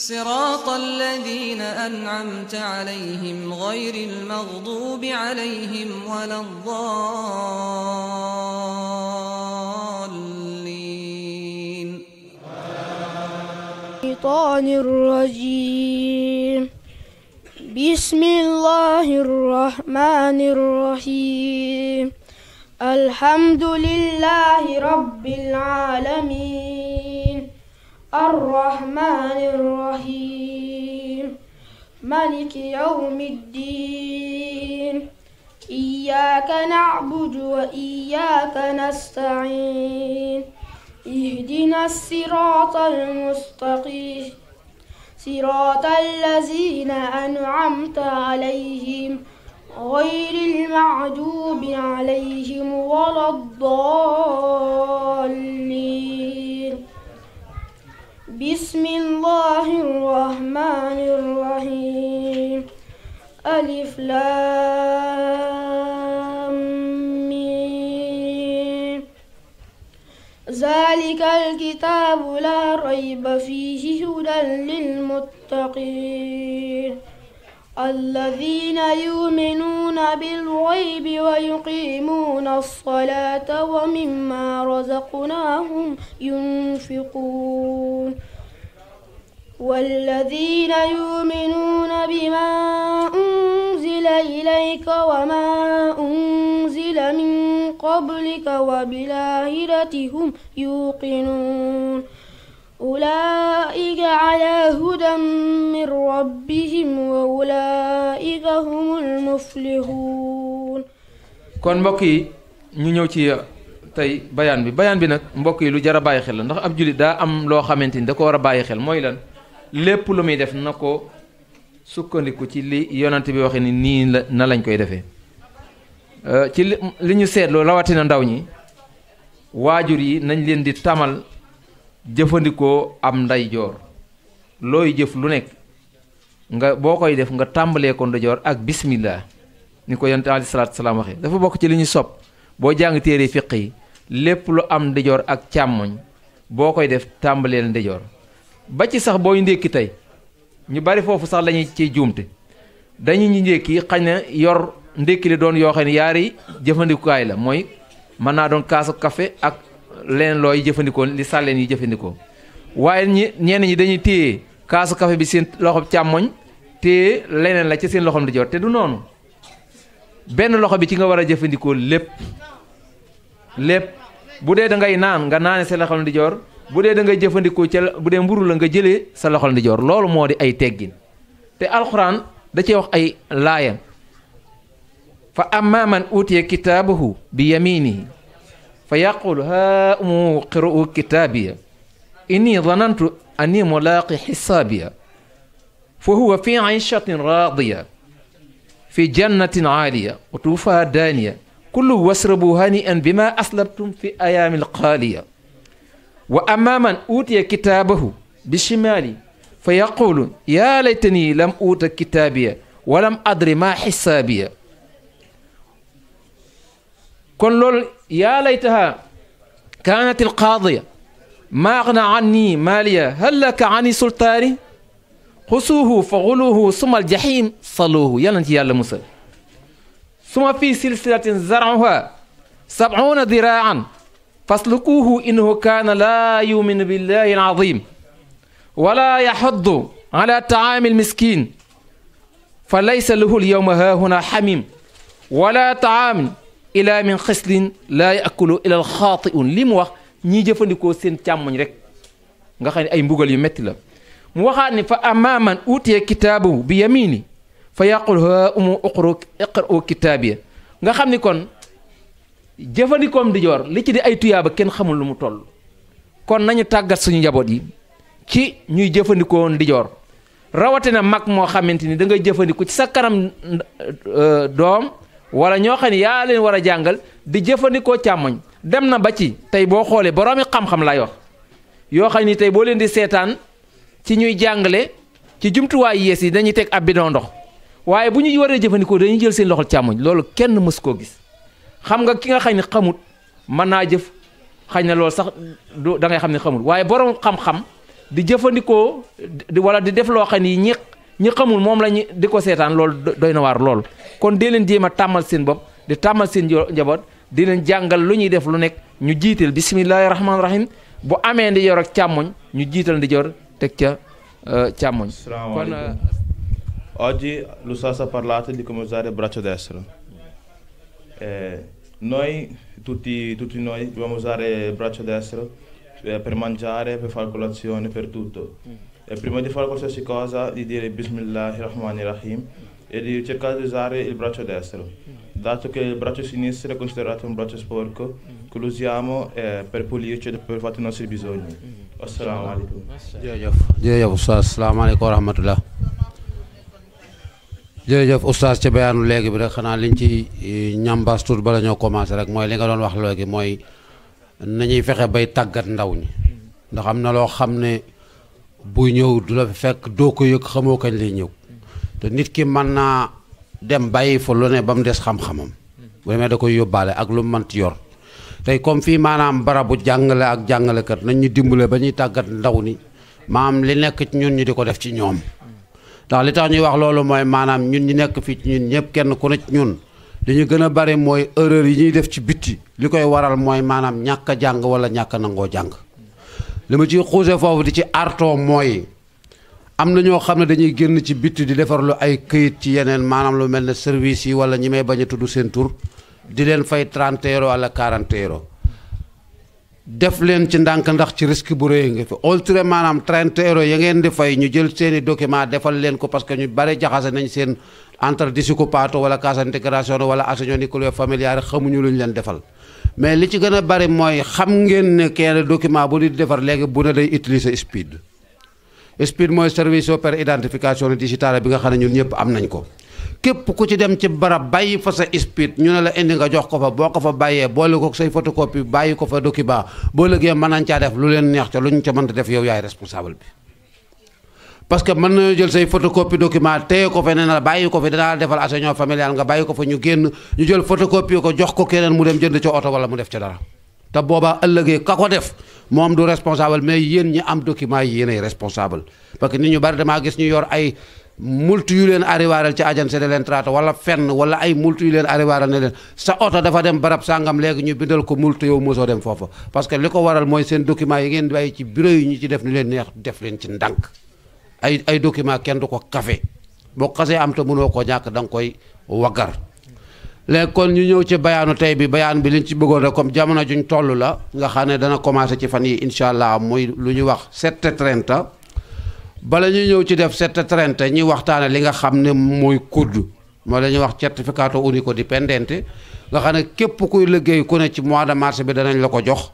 صراط الذين أنعمت عليهم غير المغضوب عليهم ولا الضالين الشيطان الرجيم بسم الله الرحمن الرحيم الحمد لله رب العالمين الرحمن الرحيم ملك يوم الدين إياك نعبد وإياك نستعين اهدنا الصراط المستقيم صراط الذين أنعمت عليهم غير المعدوب عليهم ولا الضالين بسم الله الرحمن الرحيم ألف لام ذلك الكتاب لا ريب فيه هدى للمتقين الذين يؤمنون بالغيب ويقيمون الصلاة ومما رزقناهم ينفقون والذين يؤمنون بما أنزل إليك وما أنزل من قبلك وبالآخرة هم يوقنون أولئك على هدى من ربهم وأولئك هم المفلحون كون بكي نيوتي تاي بيان بي بيان بي نك مبوكي لو جرا باي خيل ندخ اب جولي دا ام لو خامتيني دا كو ورا باي خيل موي لان lépp lu muy def na ko sukkandiku ci li yonent bi waxe ni nii la na lañ koy defee euh, ci li ñu seetloo rawatina ndaw ñi waajur yi nañ leen di tamal jëfandikoo am ndeyjoor looy jëf lu nekk nga boo koy def nga tàmbalee ko ak bismillah ni ko yonent alayhi salaatu salaam waxee dafa bokk ci li ñu sopp boo jàng téere fiq yi lépp lu am ndeyjoor ak càmmoñ boo koy def tàmbaleel ndeyjoor ba ci sax booy ndékki tey ñu bari foofu sax lañu ci juumte dañu ñu ndékki xañ na yor ndékki li doon yoo xam ne yaari jëfandikukaay la mooy mën naa doon kaasu kafe ak leen looy jëfandikoo li sàlleen yi jëfandikoo waaye ñi ñenn ñi dañuy téye kaasu kafe bi seen loxob càmmooñ téye leneen la ci seen loxom di jot te du noonu benn loxo bi ci nga war a jëfandikoo lépp lépp bu dee da ngay naan nga naane seen loxom di joor bu dee da ngay jëfandikoo ca bu dee mburu la nga jëlee sa loxol ndi joor loolu moo di ay teggin te alxuraan da cee wax ay laayam fa amma man utiya kitaabahu bi yaminihi fa yaqul haa umu qiru kitaabiya inni zanantu anni mulaaqi xisaabiya fa huwa fi ayshatin raadiya fi jannatin aaliya wa tuufaa daaniya kullu wasrabu hani'an bima aslabtum fi ayaami alqaaliya وأما من أوتي كتابه بشمالي فيقول يا ليتني لم أوت كتابي ولم أدري ما حسابي كن لول يا ليتها كانت القاضية ما أغنى عني مالية هل لك عني سلطاني خسوه فغلوه ثم الجحيم صلوه يا نتي يا موسى ثم في سلسلة زرعها سبعون ذراعا فاسلكوه إنه كان لا يؤمن بالله العظيم ولا يحض على طعام المسكين فليس له اليوم ها هنا حميم ولا طعام إلا من خسل لا يأكل إلا الخاطئ لم وخ ني جيفانديكو سين تامن ريك غا اي مبوغال يو متي لا مو فاما من اوتي كتابه بيميني فيقول ها ام اقرؤ اقرؤ كتابي غا خاني كون jëfandikoom di li ci di ay tuyaaba kenn xamul lu mu toll kon nañu tàggat suñu njaboot yi ci ñuy jëfandikoo di rawatina mag moo xamante ni da ngay jëfandiku ci sa kanam euh, doom wala ñoo xam ne yaa leen war a jàngal di jëfandikoo càmmoñ dem na ba ci tey boo xoolee boroomi xam-xam lay wax yoo xam ni tey boo leen di seetaan ci ñuy jàngale ci jumtuwaay yees yi dañuy teg ab bidon ndox waaye bu ñu waree jëfandikoo dañuy jël seen loxol càmmoñ loolu kenn mës koo gis. xam nga ki nga xay ne xamut mën naa jëf xañ na loolu sax du da ngay xam ne xamul waaye borom xam-xam di jëfandikoo wala di def loo xam ni ñi ñi xamul moom la ñu di ko seetaan lool doy na waar lool kon dee leen jéem a tàmmal seen bopp di tàmmal seen njaboot di leen jàngal lu ñuy def lu nekk ñu jiital bisimillahi rahmaani rahim bu amee ndi yor ak càmmoñ ñu jiital ndi jor teg ca euh, càmmoñ kon oggi euh, l'usanza parlata di cominciare braccio destro Eh, noi, tutti, tutti, noi, dobbiamo usare il braccio destro eh, per mangiare, per fare colazione, per tutto. E prima di fare qualsiasi cosa, di dire Bismillahirrahmanirrahim e di cercare di usare il braccio destro, dato che il braccio sinistro è considerato un braccio sporco, che lo usiamo eh, per pulirci e per fare i nostri bisogni. Assalamu alaikum. Assalamu alaikum jërëjëf oustaz ca bayaanu léegi bi rek xanaa liñ ci eh, ñambaas tuut bala ñoo commencé rek mooy li nga doon wax léegi mooy nañuy fexe bay tàggat ndaw ñi ndax am na loo xam ne bu ñëw du la fekk doo ko yëg xamoo kañ lay ñëw te nit ki mën naa dem bàyyi fa lu ne ba mu des xam-xamam bu demee da koy yóbbaale ak lu mu mënti yor tey comme fii maanaam barabu jàngale ak jàngalekat nañ ñu dimbale ba ñuy tàggat ndaw ni maam li nekk ñun ñu di ko def ci ñoom ndax li tax ñuy wax loolu mooy maanaam ñun ñi nekk fii ci ñun ñëpp kenn ku ne ci ñun li ñu gën a bari mooy erreur yi ñuy def ci bitti li koy waral mooy maanaam ñàkk a jàng wala ñàkk a nangoo jàng li ma ciy xuuse foofu di ci artoo mooy am na ñoo xam ne dañuy génn ci bitti di defar lu ay këyit ci yeneen maanaam lu mel ne service yi wala ñi may bañ a tudd seen tur di leen fay 30 euro wala 40 euro def leen ci ndànk ndax ci risque bu rëy nga fi autrement maanaam 30 euros ya ngeen di fay ñu jël seen i document defal leen ko parce que ñu bare jaxase nañ seen entre disoccupato wala cassa integrazione wala assegno nucleo familiare xamuñu luñ leen defal mais li ci gën a bari mooy xam ngeen ne kenn document bu di defar léegi bu ne day utiliser SPID SPID mooy servicio per identificazione digitale bi nga xam ne ñun ñëpp am nañ ko képp ku ci dem ci barab bàyyi fa sa ispit ñu ne la indi nga jox ko fa boo ko fa bàyyee boole ko say photocopie bàyyi ko fa document boo lëggee mën nañ caa def lu leen neex ca lu ñu ca mënta def yow yaay responsable bi parce que mën nañoo jël say photocopie document téye ko fa ne na bàyyi ko fi danaa defal assegno familial nga bàyyi ko fa ñu génn ñu jël photocopie ko jox ko keneen mu dem jënd ca oto wala mu def ca dara te booba ëllëgee ka ko def moom du responsable mais yéen ñi am document yi yéenay responsable parce que nit ñu bari damaa gis ñu yor ay multu yu leen arrivaaral ci agence de l'entrata wala fenn wala ay multu yu leen arrivaaral na leen sa oto dafa dem barab sàngam léegi ñu bindal ko multu yow mosoo dem foofa parce que li ko waral mooy seen document yi ngeen bàyyi ci bureau yi ñu ci def ni leen neex def leen ci ndànk ay ay document kenn du ko kafe boo xasee am te mënoo koo ñàkk da nga koy waggar léegi kon ñu ñëw ci bayaanu tey bi bayaan bi liñ ci bëggoon rek comme jamono juñ toll la nga xam ne dana commencé ci fan yi incha allah muy lu ñuy wax 7 30 bala ñu ñëw ci def cette trente ñuy waxtaane li nga xam ne mooy COUD moo la ñuy wax certificato di dipendente nga xam ne képp kuy liggéey ku ne ci mois de mars bi danañ la ko jox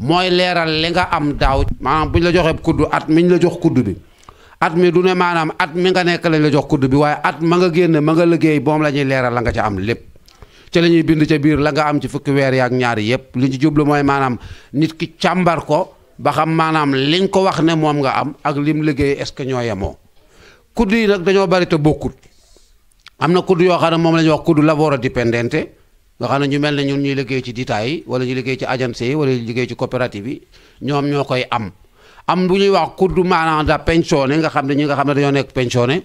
mooy leeral li nga am daaw maanaam bu ñu la joxee COUD at mi ñu la jox COUD bi at mi du ne maanaam at mi nga nekk lañ la jox COUD bi waaye at ma nga génn ma nga liggéey moom la ñuy leeral la nga ca am lépp ci la ñuy bind ca biir la nga am ci fukki weer yaak ñaari yëpp li ñu jublu mooy maanaam nit ki càmbar ko ba xam maanaam li ko wax ne moom nga am ak lim liggéey est-ce que ñoo yemoo kudd yi nag dañoo bari te bokkut am na kudd yoo xam ne moom la wax kudd lavoro dipendente nga xam ne ñu mel ne ñun ñuy liggéey ci détail yi wala ñu liggéey ci agence yi wala ñu liggéey ci coopérative yi ñoom ñoo koy am am bu ñuy wax kudd maanaam da pensionné nga xam ne ñi nga xam ne dañoo nekk pensionné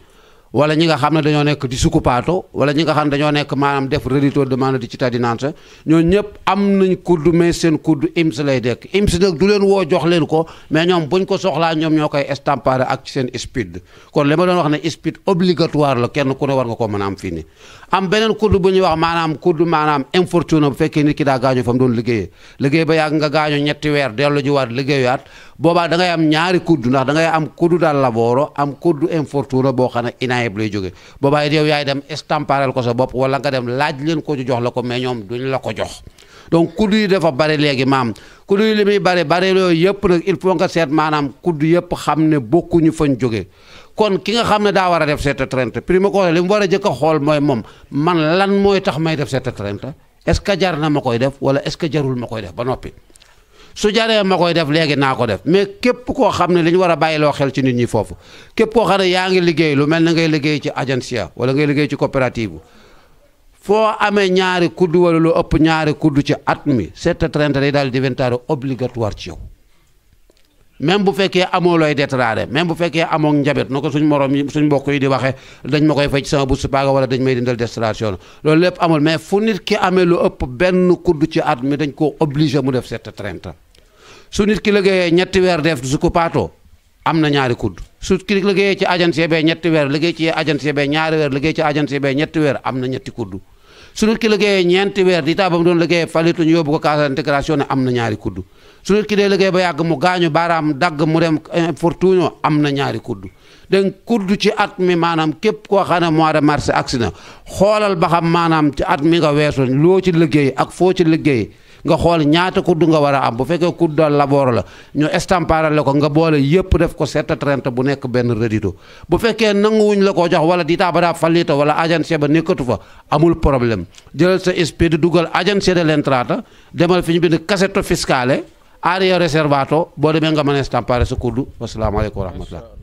wala ñi nga xam ne dañoo nekk di sukupaato wala ñi nga xam ne dañoo nekk maanaam def reddito demande di cittadinanza ñoo ñëpp am nañ kudd mais seen kudd IMSS lay dekk IMSS nag du leen woo jox leen ko mais ñoom buñ ko soxlaa ñoom ñoo koy estampare ak seen SPID kon li ma doon wax ne SPID obligatoire la kenn ku ne war nga ko mën a am fii nii am beneen kudd bu ñuy wax maanaam kudd maanaam infortune bu fekkee nit ki daa gaañoo fa mu doon liggéeyee liggéey ba yàgg nga gaañoo ñetti weer dellu jiwaat liggéeyaat boobaa da ngay am ñaari kudd ndax da ngay am kudd daal laboro am kudd infortune boo xam ne inayib lay jóge boobaa it yaay dem estamparel ko sa bopp wala nga dem laaj leen ko jox la ko mais ñoom duñ la ko jox donc kudd yi dafa bari léegi maam kudd yi li muy bare bari yooyu yëpp nag il faut nga seet maanaam kudd yëpp xam ne bokkuñu fañ jóge kon ki nga xam ne daa war a def cette traite prime ko li mu war a jëkk xool mooy moom man lan mooy tax may def cette traite est-ce que jar na ma koy def wala est-ce que jarul ma koy def ba noppi su jaree ma koy def léegi naa ko def mais képp koo xam ne li ñu war a bàyyi bàyyiloo xel ci nit ñi foofu képp koo xam ne yaa ngi liggéey lu mel na ngay liggéey ci agence wala ngay liggéey ci coopérative foo amee ñaari kudd wala lu ëpp ñaari kudd ci at mi set traite day daal di inventaire obligatoire ci yow même bu fekkee amoo looy déclaré même bu fekkee amoo njabet na ko suñ morom yi suñ mbokk yi di waxee dañ ma koy fay ci sama bourse paga wala dañ may dindal déclaration loolu lépp amul mais fu nit ki amee lu ëpp benn kudd ci at mi dañ koo obligé mu def cette traite su nit ki liggéeyee ñetti weer def su ko paatoo am na ñaari kudd su ki liggéeyee ci agence bee ñetti weer liggéey ci agence bee ñaari weer liggéey ci agence bee ñetti weer am na ñetti kudd su nit ki liggéeyee ñeenti weer di taa ba mu doon liggéeyee falitu ñu yóbbu am na ñaari su nit ki dee liggéey ba yàgg mu gaañu baaraam dagg mu dem infortunio eh, am na ñaari kudd dégg kudd ci at mi maanaam képp koo xam mois de mars agsi na xoolal ba xam maanaam ci at mi nga weesu loo ci liggéey ak foo ci liggéey nga xool ñaata kudd nga war a am bu fekkee kudd labor la ñu estamparal la ko nga boole yëpp def ko sept trente bu nekk benn redito bu fekkee nanguwuñ la koo jox wala ditaa ba daa fallita wala agence ba nekkatu fa amul problème jëlal sa esprit dugal agence de l'entrata demal fi ñu bind cassette fiscale aria reservato boo demee nga mën a estampare sa kuddu wasalaamaaleykum wa rahmatullah